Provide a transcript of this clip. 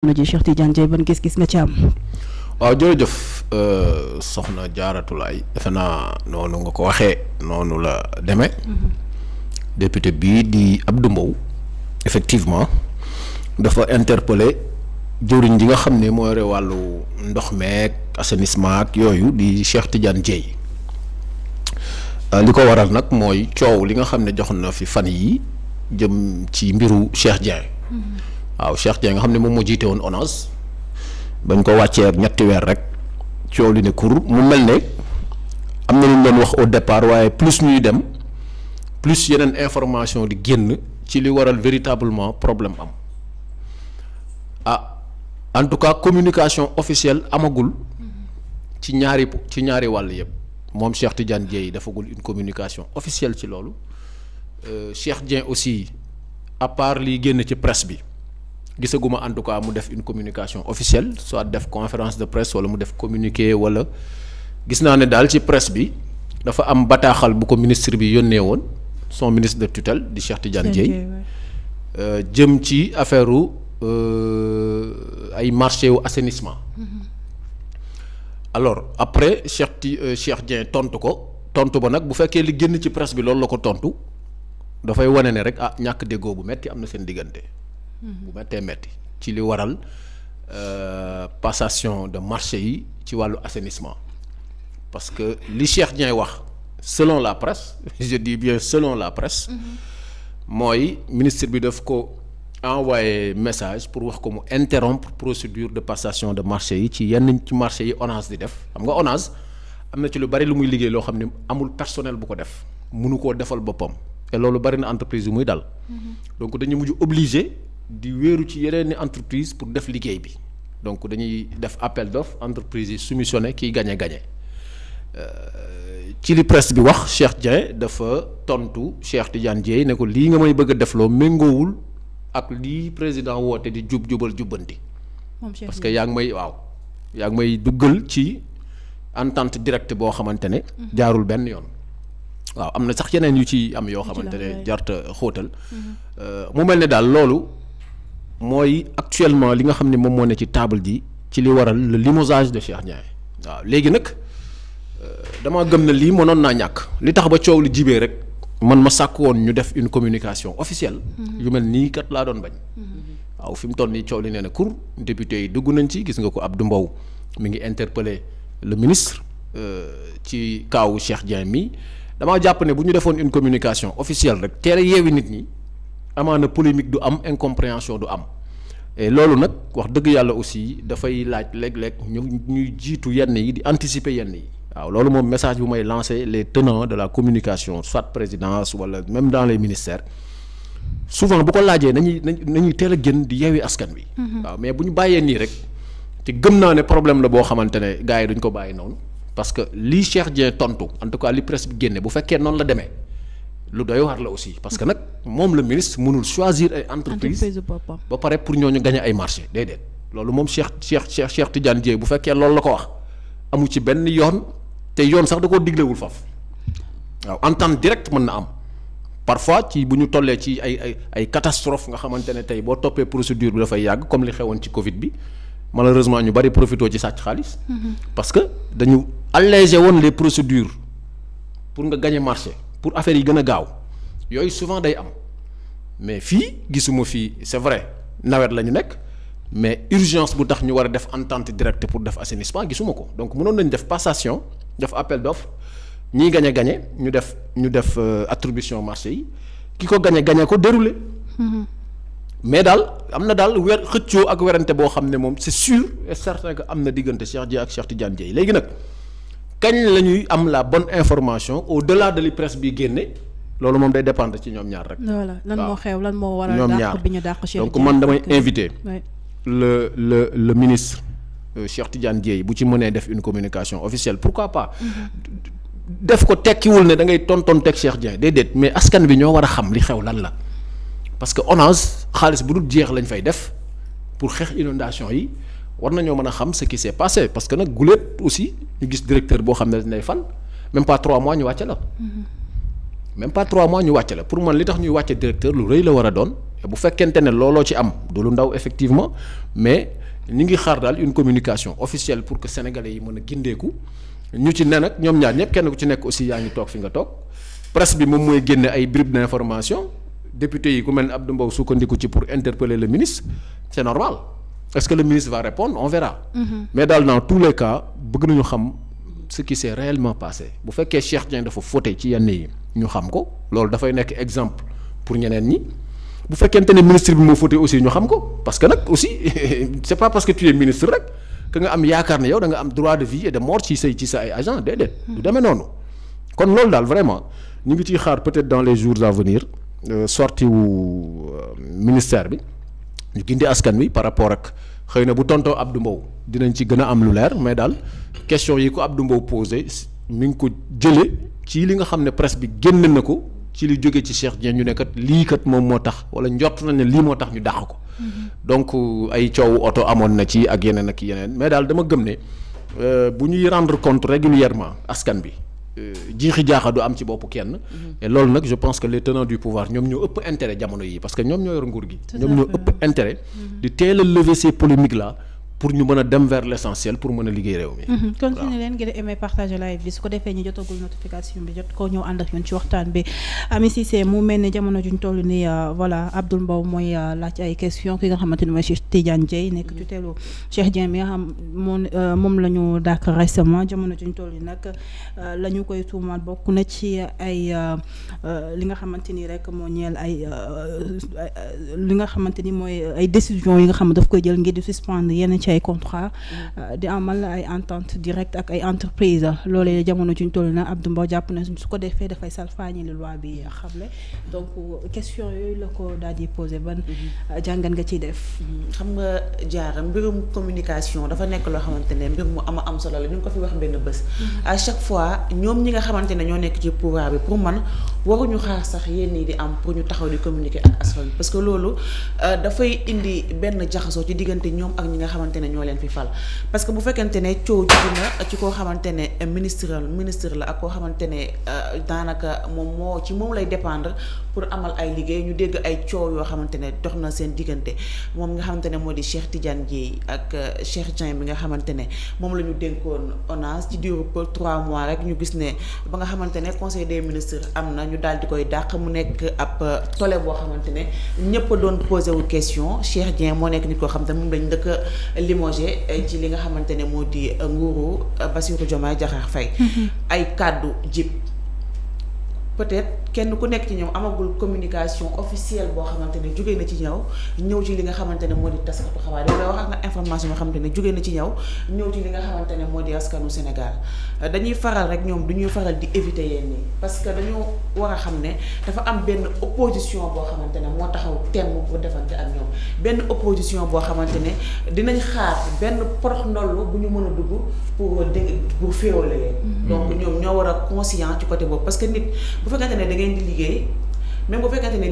na ji Cheikh Tidiane Dièye gis-gis nga ci am waaw jërëjëf euh, soxna jaaratulaay defe naa noonu nga ko waxee noonu la demee mm-hmm. député bii di Abdou Mbow effectivement dafa interpellé jëwriñ ji nga xam ne moo yore wàllu ndox meeg assainissement yooyu di Cheikh Tidiane Dièye euh, li ko waral nag mooy coow li nga xam ne jox na fi fan yi jëm ci mbiru Cheikh Dièye mm-hmm. waaw Cheikh Dieng nga xam ne moom moo jiite woon ONAS bañ ko wàccee ak ñetti weer rek coow li ne kur mu mel ne am na lu ñu doon wax au départ waaye plus ñuy dem plus yeneen information di génn ci li waral véritablement problème am ah en tout cas communication officielle amagul ci ñaari ci ñaari wàll yëpp moom Cheikh Tidiane yi dafagul une communication officielle ci loolu euh, Cheikh Dieng aussi à part liy génn ci presse bi. gisaguma en tout cas mu def une communication officielle soit def conférence de presse wala mu def communiqué wala gis naa ne daal ci presse bi dafa am bataaxal bu ko ministre bi yónnee woon son ministre de tutelle di Cheikh Tidiane Dièye euh, jëm ci affaire euh, ay marché wu assainissement mm-hmm. alors après Cheikh ti euh, Cheikh Dieng tontu ko tontu ba nag bu fekkee li génn ci presse bi loolu la ko tontu dafay wane ne rek ah ñàkk déggoo bu metti am na seen diggante. bu méttee métti ci li waral euh, passation de marché yi ci wàllu assainissement parce que li Cheikh Dieng wax selon la press je dis bien selon la presse mhm. mooy ministre bi daf ko envoyé message pour wax ko mu interrompre procédure de passation de marché yi ci yenn ci marché yi ONAS di def xam nga ONAS am na ci lu bari lu muy liggéey loo xam ne amul personnel bu ko def munu koo defal boppam te loolu bari na entreprise yu muy dal mhm. donc dañu mujj obligé di wéeru ci yeneen i entreprise pour def liggéey bi donc dañuy def appel d'offre entreprise yi soumissionné kiy gañe gañe euh, ci li press bi wax Cheikh Dieng dafa tontu Cheikh Tidiane Dieye ne ko lii nga may bëgg a defloo méngoowul ak lii président woote di jub jubal jubbanti. parce que yaa ngi may waaw yaa ngi may duggal ci entente directe boo xamante ne. Mhm. jaarul benn yoon. waaw am na sax yeneen yu ci am yoo xamante ne jarta xóotal mhm. euh, mu mel ne daal loolu. mooy actuellement li nga xam ne moom moo ne ci table ji ci li waral le limogeage de Cheikh Ndiaye waaw léegi nag euh, damaa gëm na lii mënoon naa ñàkk li tax ba coow lu jibee rek man ma sàkk woon ñu def une communication officielle. Mm-hmm. yu mel nii kat laa doon bañ. Mm-hmm. waaw fi mu toll nii coow li nee na kur député yi dugg nañ ci gis nga ko Abdou Mbow mi ngi interpellé le ministre euh, ci kaawu Cheikh Ndiaye mi damaa jàpp ne bu ñu defoon une communication officielle rek teel a nit ñi. amaana polémique du am incompréhension du am et loolu nag wax dëgg yàlla aussi dafay laaj léeg-léeg ñu ñuy jiitu yenn yi di anticiper yenn yi waaw loolu moom message bu may lancer les tenants de la communication soit présidence wala même dans les ministères souvent bu ko laajee nañuy nañuy teel a génn di yeewi askan wi. Mhm. waaw mais bu ñu bàyyee nii rek te gëm naa ne problème la boo xamante ne gars yi duñ ko bàyyi noonu parce que lii Cheikh Dieng tontu en li presse bu fekkee noonu la demee. lu doy waar la aussi parce que nag moom le ministre mënul choisir ay entreprise ba pare pour ñooñu gañe ay marché déedéet loolu moom Cheikh Cheikh Cheikh Cheikh Tidiane bu fekkee loolu la ko wax amu ci benn yoon te yoon sax da koo diglewul faf waaw entente direct mën na am parfois ci bu ñu tollee ci ay ay ay catastrophe nga xamante ne tey boo toppee procédure bi dafay yàgg comme li xewoon ci Covid bi malheureusement ñu bari profité ci sàcc xaalis mhm. parce que dañu allégé pour nga gañe marché pour affaire yi gën a gaaw yooyu souvent day am mais fii gisuma fii c'est vrai nawet la ñu nekk mais urgence bu tax ñu war a def entente directe pour def assainissement gisuma ko donc mënoon nañ def passation def appel d'offre ñiy gañe gañe ñu def ñu def euh, attribution marché yi ki ko gañe gañe ko déroulé. Mm-hmm. mais daal am na daal weer xëccoo ak werante boo xam ne moom c'est sûr et certain que am na diggante Cheikh Dieye ak Cheikh Tidiane Dieye léegi nag. kañ la ñuy am la bonne information au delà de li presse bi génne loolu moom day dépendre ci ñoom ñaar rek. voilà lan moo xew lan moo waral dàq bi ñu dàq Cheikh donc man damay invité. le le le ministre euh, Cheikh Tidiane yi bu ci mënee def une communication officielle pourquoi pas. Mm-hmm. def ko tekkiwul ne da ngay tontoon teg Cheikh Dieng déedéet mais askan bi ñoo war a xam li xew lan la parce que ONAS xaalis bu dul jeex lañ fay def pour xeex inondation yi. war nañoo mën a xam ce qui s'est passé parce que nag guléet aussi ñu gis directeur boo xam ne dañ lay fal même pas trois mois ñu wàcce la. même pas trois mois ñu wàcce la pour man li tax ñuy wàcce directeur lu rëy la war a doon bu fekkente ne looloo ci am du lu ndaw effectivement mais ñu ngi xaar daal une communication officielle pour que sénégalais yi mën a gindeeku ñu ci ne nag ñoom ñaar ñëpp kenn ku ci nekk aussi yaa ngi toog fi nga toog presse bi moom mooy génne ay bribes d'information député yi ku mel ne Abdou Mbow sukkandiku ci pour interpeller le ministre c'est est-ce que le ministre va répondre on verra. Mm -hmm. mais daal dans tous les cas bëgg nañu xam ce qui s'est réellement passé bu fekkee Cheikh Dieng dafa fauté ci yenn yi ñu xam ko loolu dafay nekk exemple pour ñeneen ñi bu fekkente ne ministre bi moo fauté aussi ñu xam ko parce que nag aussi c'est pas parce que tu es ministre rek que nga am yaakaar ne yow danga am droit de vie et de mort ci say ci sa ay agent déedéet. Mhm. du demee noonu kon loolu daal vraiment ñu ngi ciy xaar peut-être dans les jours à venir euh, sortie euh, ministère bi. ñu gindi askan wi par rapport ak xëy na bu tontoo Abdou Mbow dinañ ci gën a am lu leer mais daal question yi ko ab Mbow posé mi ngi ko jële ci li nga xam ne presse bi génn na ko ci li jóge ci Cheikh Dieng ñu nekkat kat lii kat moom moo tax wala njort nañ ne lii moo tax ñu dàq ko mm-hmm. donc euh, ay coowu oto amoon na ci ak yeneen ak yeneen mais daal dama gëm ne euh, bu ñuy rendre compte régulièrement askan bi Euh, jiixi jaaxa du am ci bopp kenn. Mhm. et loolu nag je pense que les du pouvoir ñoom ñoo ëpp intérêt jamono yi parce que ñoom ñoo yor nguur gi. ñoom ñoo ëpp intérêt. Mhm. di teel lever ces polémiques là. pour ñu mën a dem vers l' essentiel pour mën a liggéey réew mi. continué mhm. leen ngeen aimé partager live bi su ko defee ñu jotagul notification bi jot ko ñëw ànd ak ñun ci waxtaan bi Ami Cissé mu mel ne jamono juñ toll euh, euh, ki nga xamante ni mooy Cheikh Tidiane Dieye nekk mhm. tuteelu Cheikh Dieng mi nga xam moom euh, moom la ñu dàkk récemment jamono juñ toll nii nag la ñu koy tuumaal bokk na ci ay li nga xamante ni rek moo ñeel ay li nga xamante ni mooy ay décisions yi nga xam daf koy jël ngir di suspendre yenn ci ci ay contrat euh, di amal ay entente directe ak ay entreprise loolee jamono juñ toll na Abdou Mbow jàpp na su ko defee dafay salfaañi li loi bi xam ne donc question yooyu la ko daal di posé ban mhm. euh, nga ciy def mhm. xam nga jaara mbirum communication dafa nekk loo xamante ne mbir mu ama am solo la ñu ngi ko fi wax benn bés mhm. à chaque fois ñoom ñi nga xamante ne ñoo nekk ci pouvoir bi pour man waruñu xaar sax yéen ñi di am pour ñu taxaw di communiquer ak askan parce que loolu euh, dafay indi benn ne ñoo leen fi fal parce que bu fekkente ne coow jug na ci koo xamante ne ministre ministre la ak koo xamante ne euh, daanaka moom moo ci moom lay dépendre pour amal ay liggéey ñu dégg ay coow yoo xamante ne dox na seen diggante moom nga xamante ne moo di Cheikh Tidiane Dièye ak euh, Cheikh Dieng bi nga xamante ne moom la ñu dénkoon ONAS ci diiru trois mois rek ñu gis ne ba nga xamante ne conseil des ministres am na ñu daal di koy dàq mu nekk ab euh, tole boo xamante ne ñëpp doon posé wu question Cheikh Dieng moo nekk nit koo xam te moom lañ ndëkk limogé eh, ci li nga xamante ne moo di eh, nguuru eh, Bassirou Diomaye Diakhar Faye mm-hmm. ay kàddu jib peut kenn ku nekk ci ñoom amagul communication officielle boo xamante ne jóge na ci ñaw ñëw ci li nga xamante ne moo di taskatu xabaar yi wax ak nga information yoo xamante ne jóge ñëw ci li nga xamante ne moo di askanu Sénégal dañuy faral rek ñoom du ñuy faral di éviter yenn yi parce que dañoo war a xam ne dafa am benn opposition boo xamante ne moo taxaw temm bu defante ak ñoom benn opposition boo xamante ne dinañ xaar benn porox ndollu bu ñu mën a dugg pour dégg pour mm-hmm. ñoom ñoo war a conscient ci côté boobu parce que nit bu fekkante ne ngeen di liggéey même bu fekkente ne